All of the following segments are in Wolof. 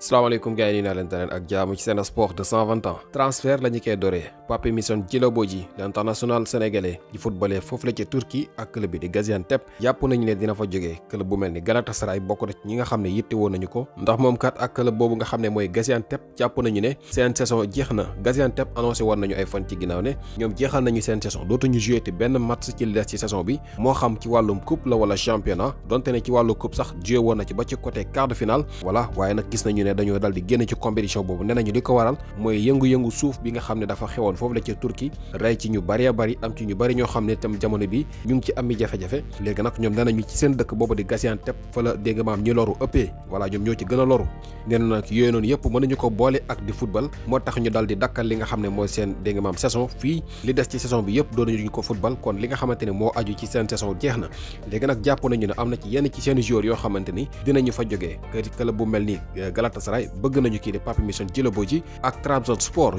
salaamaaleykum gars yi nii naa leen taneen ak jaamu ci seen sport de 120 ans transfert la ñu koy doree Papy Mission Djilobodji l'international sénégalais di footballeur foofu la ca Turquie ak club bi di Gaziantep jàpp nañu ne dina fa jógee club bu mel ni Galatasaray bokk ñi nga xam ne yitte woon nañu ko ndax moom kat ak club boobu nga xam ne mooy Gaziantep jàpp nañu ne seen saison jeex na Gaziantep annoncé woon nañu ay ci ginnaaw ne ñoom ba ci ne dañoo dal di génn ci compétition boobu nee nañu li ko waral mooy yëngu-yëngu suuf bi nga xam ne dafa xewoon foofu la ca Turquie rey ci ñu bëree bëri am ci ñu bëri ñoo xam ne tam jamono bi ñu ngi ci ami jafe-jafe léegi nag ñoom nee nañu ci seen dëkk boobu di Gaziantep fa la dégg ñi loru ëppee voilà ñoom ñoo ci gën a loru nee nag yooyu noonu yëpp mënuñu ko boole ak di football moo tax ñu dal dakkal li nga xam ne mooy seen dégg maam saison fii li des ci saison bi yëpp doonañu ko football li nga xamante ne moo aju ci seen saison jeex na léegi nag jàpp nañu yoo xamante ni dinañu fa jógee Galatasaray bëgg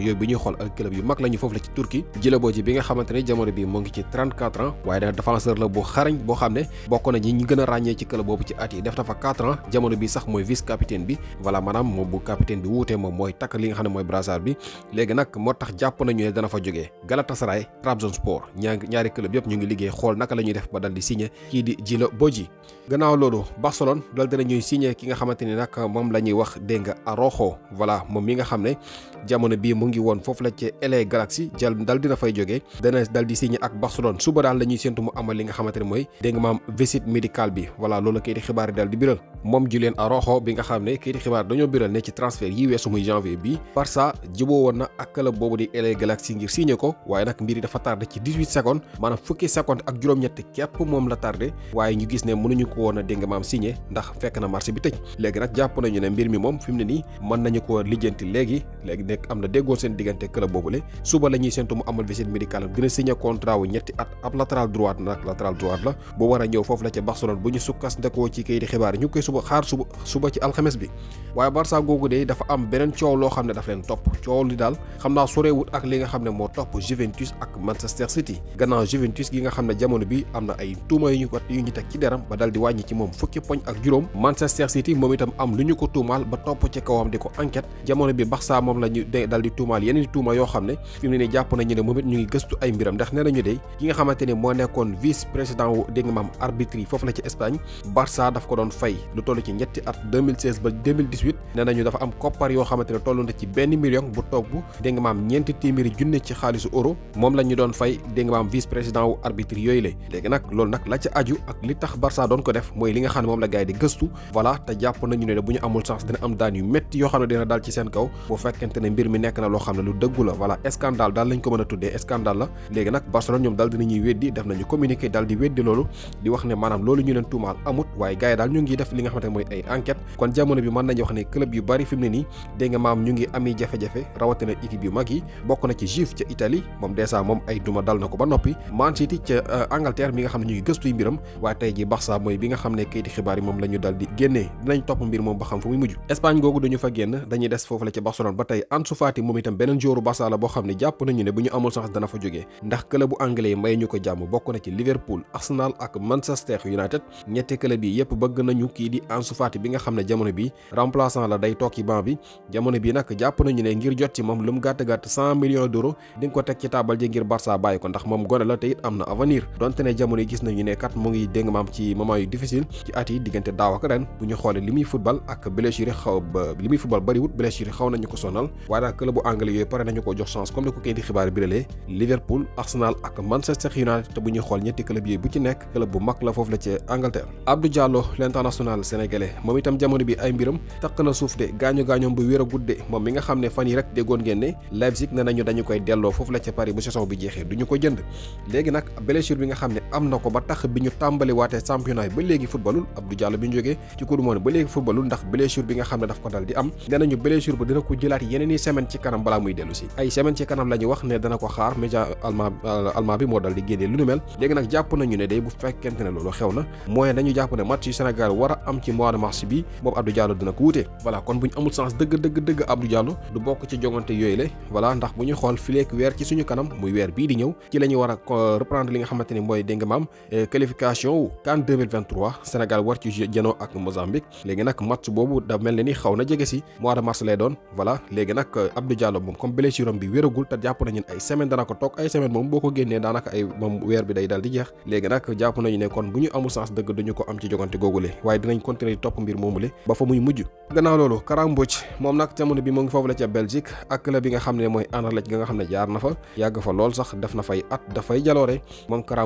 yooyu bi ñuy xool ak club yu mag lañu foofu la ci Turquie Djilabodji bi nga xamante jamono bi mu ngi ci 34 ans waaye nag la bu xarañ boo xam ne bokk na ñi ràññee ci club boobu ci at yi def bi sax mooy vice capitaine bi voilà maanaam moom bu capitaine bi wuutee moom mooy takk li nga xam ne mooy brassard bi léegi nag moo tax jàpp nañu ne dana fa jógee Galatasaray Trabzonspor ñaa ñaari club yëpp ñu ngi liggéey xool dégg nga wala voilà moom mi nga xam ne jamono bii mu ngi woon foofu la ci LA Galaxy jël dal dina fay jógee dana dal di signé ak Barcelone suba dal la ñuy séntu mu amal li nga xamante ne mooy nga maam visite médicale bi voilà loolu la xibaar di biral mom Julian Arojo bi nga xam ne kayiti xibaar dañoo biral ne ci transfert yi weesu muy janvier bi Barça juboo woon na ak club di LA Galaxy ngir signé ko waaye nag mbir yi dafa tardé ci 18 secondes maanaam fukki secondes ak juróom-ñett képp moom la tardé nyukis ñu gis ne mënuñu ko woon a dégg nga maam signé ndax fekk na marché bi nañu mbir mi mom fim mu man nii mën nañu ko lijjanti léegi léegi nekk amna deggo sen seen club boobule suba la sentum amal visite médicale dina signé contrat wu ñetti at ab latéral droite nag latéral droite la bo war a ñëw foofu la ca Barcelone bu ñu sukkas ndekoo ci kayiti xibaar ñu koy suba xaar suba suba ci alxames bi waaye Barça googu de dafa am beneen coow hamna xam ne daf leen topp coow li daal xam sorewut ak li nga Juventus ak Manchester City gannaaw Juventus gi nga xam ne jamono bi amna na ay tuuma yu ñu wat yu ñu teg ci deram ba dal di wàññi ci moom fukki poñ ak juróom Manchester City moom itam am lu ko tumal ba topp ci kawam di ko enquête jamono bi Barça moom la ñu de dal di tuumaal yeneen tuuma yoo xam ne fi ne nii jàpp nañu ne moom it ñu ngi gëstu ay mbiram ndax nee nañu de ki nga xamante ni moo vice président wu dégg nga maam arbitre yi foofu la ci Espagne Barça daf ko don fay lu toll ci ñetti at 2016 ba 2018 nee nañu dafa am koppar yoo xamante ne toll na ci benn million bu toog bu dégg nga maam ñeenti téeméeri junne ci xaalisu euro moom la ñu doon fay dégg nga vice président wu arbitre yooyu la léegi nag loolu nag la ca aju ak li tax Barça don ko def mooy li nga xam ne moom la gars yi di gëstu voilà te jàpp nañu ne bu amul chance dina am am daan yu métti yoo xam ne dina daal ci seen kaw bu fekkente ne mbir mi nekk na loo xam ne lu dëggu la voilà scandale daal lañ ko mën a tuddee scandale la léegi nag Barcelone ñoom daal dinañuy weddi def nañu communiqué daal di weddi loolu di wax ne maanaam loolu ñu leen tuumaal amut waaye gars daal ñu ngi def li nga xamante ne mooy ay enquête kon jamono bi mën nañu wax ne club yu bari fi ne nii dégg maam ñu ngi ami jafe-jafe rawatina équipe yu mag yi Espagne googu duñu fa génn dañuy des foofu la ci Barcelone ba tey Ansu Fati moom itam beneen joueur Barça la boo xam ne jàpp nañu ne bu ñu amul chance dana fa jógee ndax club anglais may ñu ko jàmm bokk na ci Liverpool Arsenal ak Manchester United ñetti club yi yépp bëgg nañu kii di Ansu Fati bi nga xam ne jamono bi remplaçant la day toog ci banc bi jamono bi nag jàpp nañu ne ngir jot ci moom lu gàtt-gàtt 100 millions di nga ko teg ci taabal ji xaw ba bariwut blessure xaw nañu ko sonal waaye daal club yooyu pare nañu ko jox chance comme ni ko kay xibaar biralee Liverpool Arsenal ak Manchester United bu ñuy xool ñetti club bu mag la foofu la ca Angleterre Abdou Diallo l'international sénégalais moom itam jamono bi ay mbiram taq na suuf de gaañu gaañoom bu wér a gudde moom mi nga xam ne fan yi rek déggoon ngeen Leipzig ne nañu dañu koy delloo foofu la ca Paris bu saison bi jeexee ne daf ko dal di am nee nañu blessure ba dina ko jëlaat yeneen semaine ci kanam balaa muy dellu ay semaine ci kanam la wax ne dana ko xaar média allemand euh, bi moo dal di génnee lu nu mel léegi nag jàpp nañu ne day bu fekkente ne loolu xew na mooy dañu jàpp ne match yu Sénégal war a ci mois ak Mozambique léegi nag match boobu da mel ni bi xaw na jege si mois de mars lay doon voilà léegi nag euh, Abdou Diallo moom comme blessure bi wéragul te jàpp nañu ay semaine dana ko toog ay semaine moom ñu amul chance dëgg duñu ko am ci jogante googule waaye dinañ continuer di topp mbir moomule ba fa muy mujj gannaaw loolu Kara moom nag jamono bi moo ngi foofu la ca Belgique ak club bi nga xam ne mooy Anderlecht nga nga xam ne jaar na fa yàgg fa lool sax def na fay at dafay jaloore moom Kara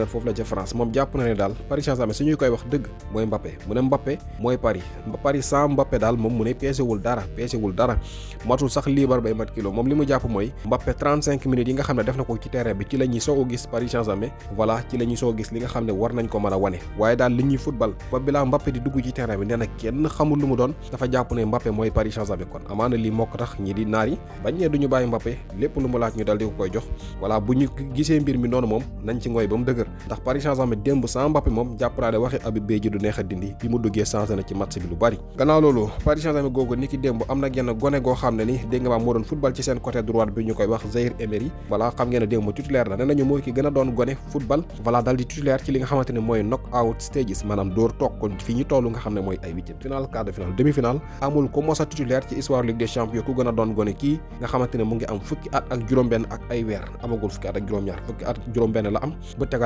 honneur foofu la ca France moom jàpp na ne daal Paris Saint-Germain koy wax dëgg mooy Mbappé mu ne Mbappé mooy Paris Paris daal moom mu ne peese dara peese dara matul sax liibar bay mat kilo moom li mu jàpp mooy Mbappé 35 minutes yi nga xam ne def na ko ci terrain bi ci la ñuy a gis Paris Saint-Germain ci la ñuy gis li nga xam ne war nañ ko mën a wane waaye daal li ñuy football ba bilaa Mbappé di dugg ci terrain bi nee na kenn xamul lu mu moom nañ ndax Paris saint démb sans Mbappé moom jàpp waxi Habib Beye ji du neex a dindi bi mu duggee changé na ci match bi lu bari gannaaw loolu Paris saint googu ni démb am na genn gone goo xam ne ni dégg nga maam moo doon football ci seen côté droite bi ñu koy wax Zaïre Emery voilà xam ngeen démb titulaire la ne nañu mooy ki gën doon gone football voilà dal di titulaire ci li nga xamante ne mooy knock out stages maanaam dóor toog kon fi ñu toll nga xam ne mooy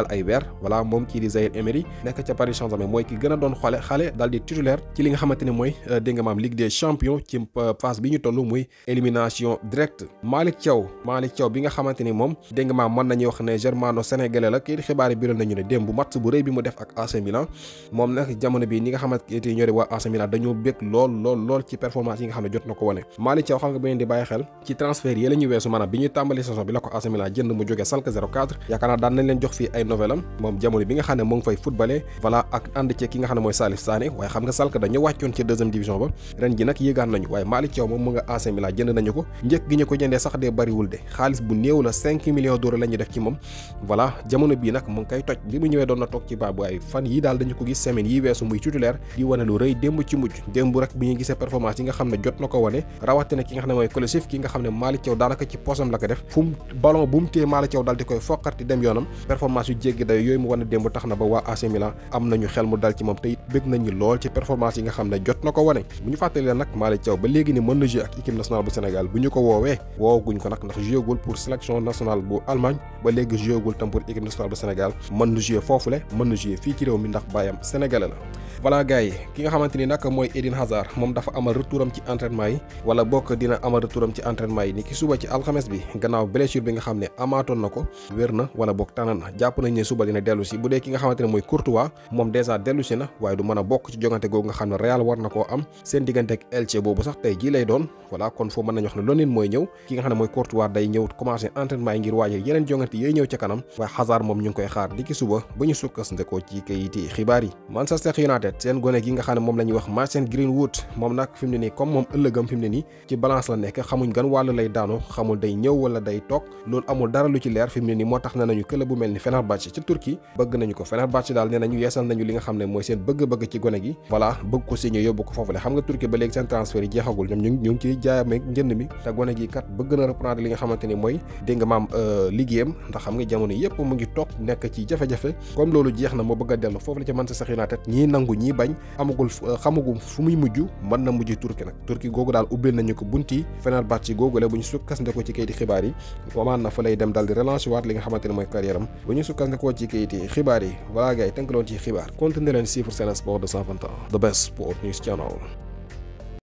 Sénégal ay wer wala mom ki di Zahir Emery nek ca Paris Saint-Germain mooy ki gëna doon xolé xalé dal di titulaire ci li nga xamanteni moy mooy euh, dégg Ligue des champions ci euh, phase bi ñu toll muy élimination directe malik Thiaw malik Thiaw bi nga xamanteni mom moom dégg nga maam wax né germano sénégalais la kii xibaar yi biral nañu ne démb bu match bu reuy bi mu def ak AC Milan mom nak jamono bi ni nga xamanteni ni ñoo di waa AC Milan dañu bëgg lool lool lool ci performance yi nga xamné jot nako woné malik Malick Thiaw xam nga bu ngeen di baye xel ci transfert yi lañu ñu manam maanaam bi ñuy tàmbali saison bi la ko AC Milan jënd mu jógee Schalke 04 yaakaar naa daan nañ leen jox fi ay novelam moom jamono bi nga xam ne mu ngi fay footballé voilà ak ànd ci ki nga xam ne mooy Salif Sané waaye xam nga Schalke dañu wàccoon ci deuxième division ba ren ji nag yéegaan nañu waaye Malick Thiaw moom mu nga AC Milan jënd nañu ko njëkk gi ñu ko jëndee sax dee bariwul de xaalis bu néew la 5 millions d'euros def ci moom voilà jamono bii nag mu ngi koy toj li mu ñëwee doon na toog ci baa bu fan yi daal dañu ko gis semaine yi weesu muy titulaire di wane jéggi day yooyu mu wane démb tax na ba waa AC Milan am nañu xel mu dal ci moom te bëgg nañu lool ci performance yi nga xam ne jot na ko wane bu ñu fàttalee nag Malick Thiaw ba léegi ni mën na jouer ak équipe nationale bu Sénégal bu ñu ko woowee woowaguñ ko nag ndax jouegul pour sélection nationale bu Allemagne ba léegi jouegul tam pour équipe nationale bu Sénégal mën na jouer foofule mën na jouer fii ci réew mi ndax baayam sénégalais la voilà gars yi bu dee ki nga xamante mooy Courtois moom dèjà dellu na waaye du mën bokk ci jongante googu nga xam ne Real war na koo am seen diggante ak Elche boobu sax tey jii lay doon voilà kon foo mën nañu wax ne Lonil mooy ñëw ki nga xam ne mooy Courtois day ñëw commencé entraînement ngir waajal yeneen jongante yooyu ñëw ca kanam waaye Hazard moom ñu ngi koy xaar di ki suba ba ñu sukkasndekoo ci kayiti xibaar yi Manchester United seen gone gi nga xam ne moom Fenerbahçe ci Turquie bëgg nañu ko Fenerbahçe daal nee nañu yeesal nañu li nga xam ne mooy seen bëgg-bëgg ci gone gi voilà bëgg ko signé yóbbu ko foofule xam nga Turquie ba léegi seen transfert yi jeexagul ñoom ñu ngi ñu njënd mi te gone gi kat bëgg na reprendre li nga xamante mooy dégg euh, jamono yëpp mu ngi toog nekk ci jafe-jafe comme loolu jeex na moo bëgg a dellu foofu la ci Manchester United ñii nangu ñii bañ euh, fu muy mujj mën na mujj Turquie nag Turquie googu daal ubbil nañu ko bunti Fenerbahçe googu la bu ñu sukkandikoo ci kayiti xibaar yi wamaan na fa lay dem daal di relancer waat li xamante ni mooy carrière na ko ci kayit xibaar yi voilà gars ci xibaar continuer the best sport news channel